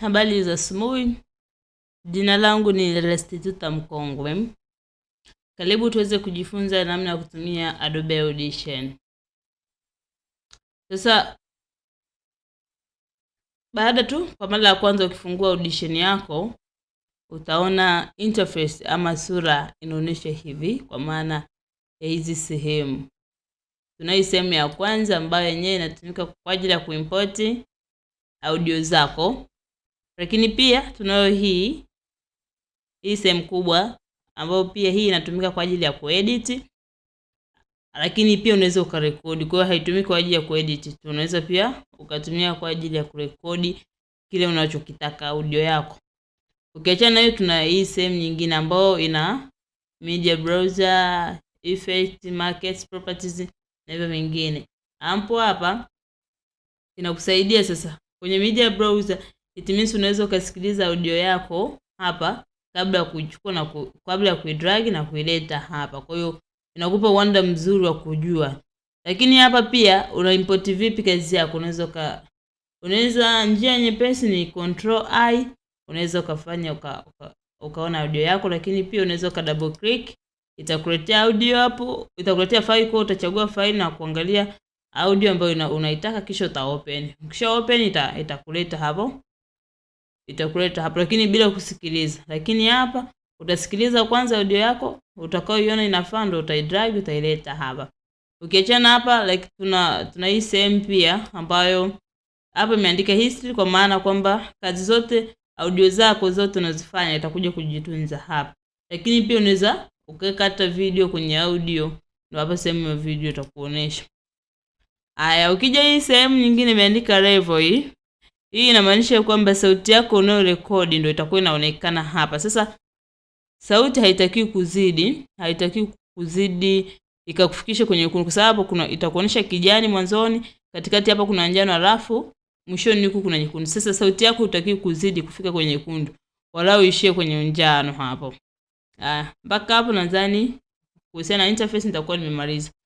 Habari za asubuhi. Jina langu ni Restituta Mkongwe. Karibu tuweze kujifunza namna ya kutumia Adobe Audition. Sasa baada tu kwa mara ya kwanza ukifungua Audition yako utaona interface ama sura inaonyesha hivi, kwa maana ya hizi sehemu. tunai sehemu ya kwanza ambayo yenyewe inatumika kwa ajili ya kuimport audio zako lakini pia tunayo hii hii sehemu kubwa ambayo pia hii inatumika kwa ajili ya kuedit, lakini pia unaweza ukarekodi. Kwa hiyo haitumiki kwa ajili ya kuedit tu, unaweza pia ukatumia kwa ajili ya kurekodi kile unachokitaka audio yako. Ukiachana na hiyo, tuna hii sehemu nyingine ambayo ina media browser, effect, markets, properties na hivyo vingine. Ampo hapa inakusaidia sasa kwenye media browser It means unaweza ukasikiliza audio yako hapa kabla ya kuichukua na ku, kabla ya kuidrag na kuileta hapa. Kwa hiyo inakupa uwanda mzuri wa kujua. Lakini hapa pia una import vipi kazi yako? Unaweza ka unaweza njia nyepesi ni control i, unaweza ukafanya uka, uka, ukaona audio yako, lakini pia unaweza ka double click itakuletea audio hapo, itakuletea file kwa, utachagua file na kuangalia audio ambayo unaitaka, una kisha uta open. Ukisha open ita, itakuleta hapo itakuleta hapo, lakini bila kusikiliza. Lakini hapa utasikiliza kwanza audio yako utakayoiona inafaa, ndio utaidrag utaileta hapa. Ukiachana hapa like, tuna tuna hii sehemu pia ambayo hapa imeandika history, kwa maana kwamba kazi zote audio zako zote unazifanya itakuja kujitunza hapa, lakini pia unaweza ukaweka hata video kwenye audio, ndio hapa sehemu ya video itakuonesha. Aya, ukija hii sehemu nyingine imeandika level hii hii inamaanisha kwamba sauti yako unayorekodi ndio itakuwa inaonekana hapa. Sasa sauti haitakiwi kuzidi, haitakiwi kuzidi ikakufikisha kwenye nyekundu, kwa sababu kuna itakuonyesha kijani mwanzoni, katikati hapa kuna njano, alafu mwishoni huku kuna nyekundu. Sasa sauti yako hutakiwi kuzidi kufika kwenye nyekundu, walau ishie kwenye njano hapo. Ah, mpaka hapo nadhani kuhusiana na interface nitakuwa nimemaliza.